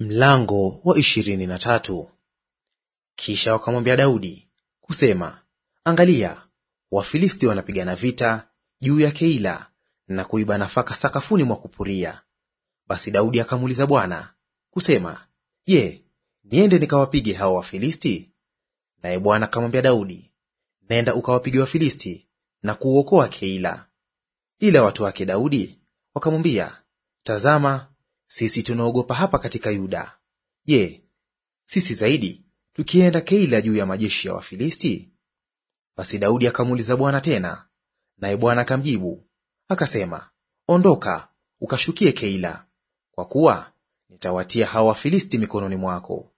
Mlango wa ishirini na tatu. Kisha wakamwambia Daudi kusema, Angalia, Wafilisti wanapigana vita juu ya Keila na kuiba nafaka sakafuni mwa kupuria. Basi Daudi akamuuliza Bwana kusema, Je, niende nikawapige hao Wafilisti? Naye Bwana akamwambia Daudi, nenda ukawapige Wafilisti na kuuokoa Keila. Ila watu wake Daudi wakamwambia, Tazama, sisi tunaogopa hapa katika Yuda. Je, sisi zaidi tukienda Keila juu ya majeshi ya Wafilisti? Basi Daudi akamuuliza Bwana tena, naye Bwana akamjibu akasema, ondoka ukashukie Keila, kwa kuwa nitawatia hawa Wafilisti mikononi mwako.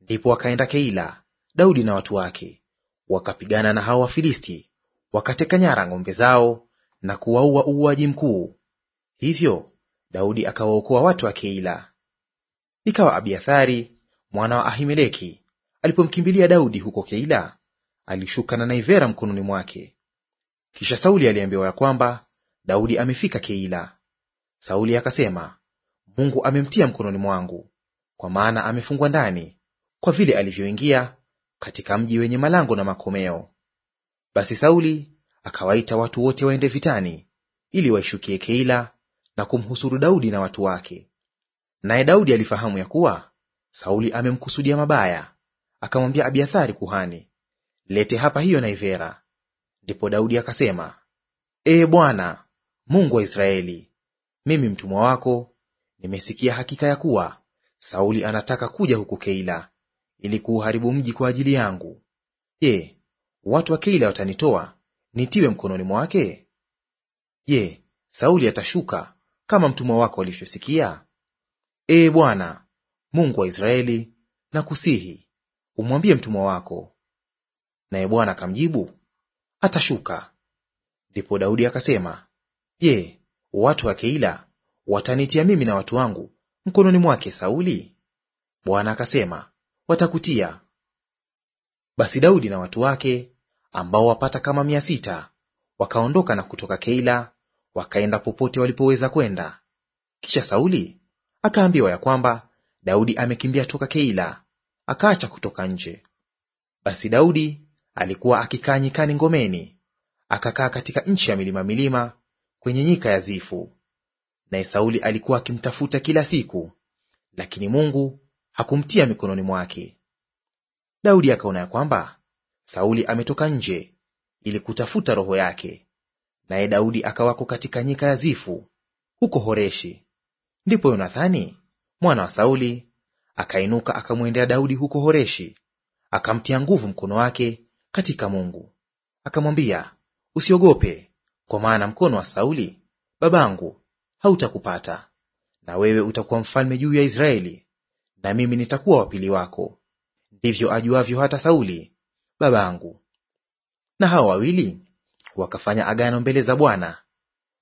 Ndipo akaenda Keila, Daudi na watu wake, wakapigana na hawa Wafilisti, wakateka nyara ng'ombe zao na kuwaua uuaji mkuu. Hivyo Daudi akawaokoa watu wa Keila. Ikawa Abiathari mwana wa Ahimeleki alipomkimbilia Daudi huko Keila, alishuka na naivera mkononi mwake. Kisha Sauli aliambiwa ya kwamba Daudi amefika Keila. Sauli akasema, Mungu amemtia mkononi mwangu, kwa maana amefungwa ndani, kwa vile alivyoingia katika mji wenye malango na makomeo. Basi Sauli akawaita watu wote waende vitani, ili waishukie Keila na kumhusuru Daudi na watu wake. Naye Daudi alifahamu ya kuwa Sauli amemkusudia mabaya, akamwambia Abiathari kuhani, lete hapa hiyo naivera. Ndipo Daudi akasema, Ee Bwana Mungu wa Israeli, mimi mtumwa wako nimesikia hakika ya kuwa Sauli anataka kuja huku Keila ili kuuharibu mji kwa ajili yangu. Je, watu wa Keila watanitoa nitiwe mkononi mwake? Je, Sauli atashuka kama mtumwa wako alivyosikia? Ee Bwana Mungu wa Israeli, nakusihi umwambie mtumwa wako. Naye Bwana akamjibu, atashuka. Ndipo Daudi akasema, Je, watu wa Keila watanitia mimi na watu wangu mkononi mwake Sauli? Bwana akasema, watakutia. Basi Daudi na watu wake ambao wapata kama mia sita wakaondoka na kutoka Keila wakaenda popote walipoweza kwenda. Kisha Sauli akaambiwa ya kwamba Daudi amekimbia toka Keila, akaacha kutoka nje. Basi Daudi alikuwa akikaa nyikani ngomeni, akakaa katika nchi ya milima milima kwenye nyika ya Zifu. Naye Sauli alikuwa akimtafuta kila siku, lakini Mungu hakumtia mikononi mwake. Daudi akaona ya kwamba Sauli ametoka nje ili kutafuta roho yake, naye Daudi akawako katika nyika ya Zifu huko Horeshi. Ndipo Yonathani mwana wa Sauli akainuka akamwendea Daudi huko Horeshi, akamtia nguvu mkono wake katika Mungu. Akamwambia, usiogope, kwa maana mkono wa Sauli babangu hautakupata, na wewe utakuwa mfalme juu ya Israeli, na mimi nitakuwa wapili wako. Ndivyo ajuavyo hata Sauli babangu. Na hao wawili wakafanya agano mbele za Bwana.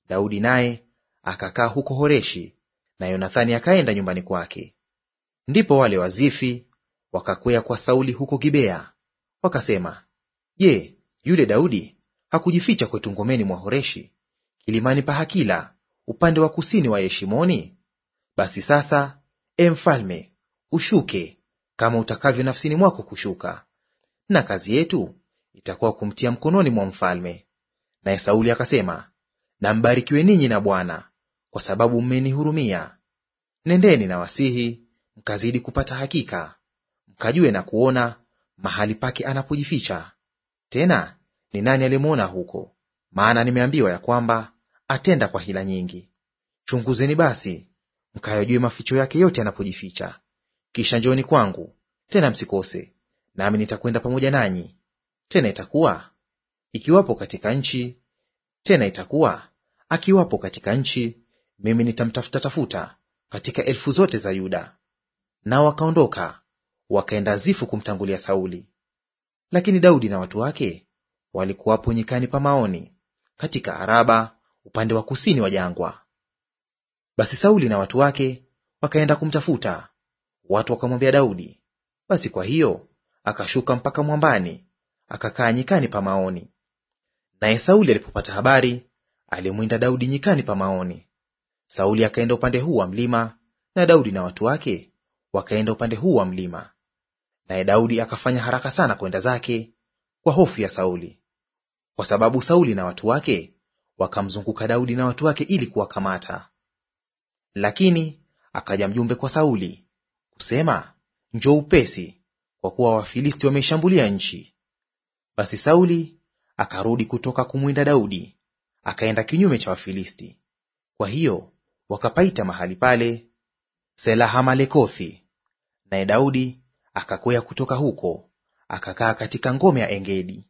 Daudi naye akakaa huko Horeshi, na Yonathani akaenda nyumbani kwake. Ndipo wale Wazifi wakakwea kwa Sauli huko Gibea, wakasema, Je, yule Daudi hakujificha kwetu ngomeni mwa Horeshi kilimani pa Hakila upande wa kusini wa Yeshimoni? Basi sasa, e mfalme, ushuke kama utakavyo nafsini mwako kushuka, na kazi yetu itakuwa kumtia mkononi mwa mfalme. Naye Sauli akasema, na mbarikiwe ninyi na Bwana, kwa sababu mmenihurumia. Nendeni na wasihi, mkazidi kupata hakika, mkajue na kuona mahali pake anapojificha. Tena ni nani aliyemwona huko? Maana nimeambiwa ya kwamba atenda kwa hila nyingi. Chunguzeni basi mkayajue maficho yake yote anapojificha, kisha njooni kwangu; tena msikose, nami nitakwenda pamoja nanyi. Tena itakuwa ikiwapo katika nchi; tena itakuwa akiwapo katika nchi, mimi nitamtafuta tafuta katika elfu zote za Yuda. Nao wakaondoka wakaenda Zifu kumtangulia Sauli. Lakini Daudi na watu wake walikuwapo nyikani pa Maoni, katika Araba, upande wa kusini wa jangwa. Basi Sauli na watu wake wakaenda kumtafuta, watu wakamwambia Daudi. Basi kwa hiyo akashuka mpaka mwambani, akakaa nyikani pa Maoni. Naye Sauli alipopata habari, alimwinda Daudi nyikani pa Maoni. Sauli akaenda upande huu wa mlima, na Daudi na watu wake wakaenda upande huu wa mlima. Naye Daudi akafanya haraka sana kwenda zake kwa hofu ya Sauli, kwa sababu Sauli na watu wake wakamzunguka Daudi na watu wake ili kuwakamata. Lakini akaja mjumbe kwa Sauli kusema, njoo upesi, kwa kuwa Wafilisti wameishambulia nchi. Basi Sauli akarudi kutoka kumwinda Daudi, akaenda kinyume cha Wafilisti. Kwa hiyo wakapaita mahali pale Selahamalekothi. Naye Daudi akakwea kutoka huko akakaa katika ngome ya Engedi.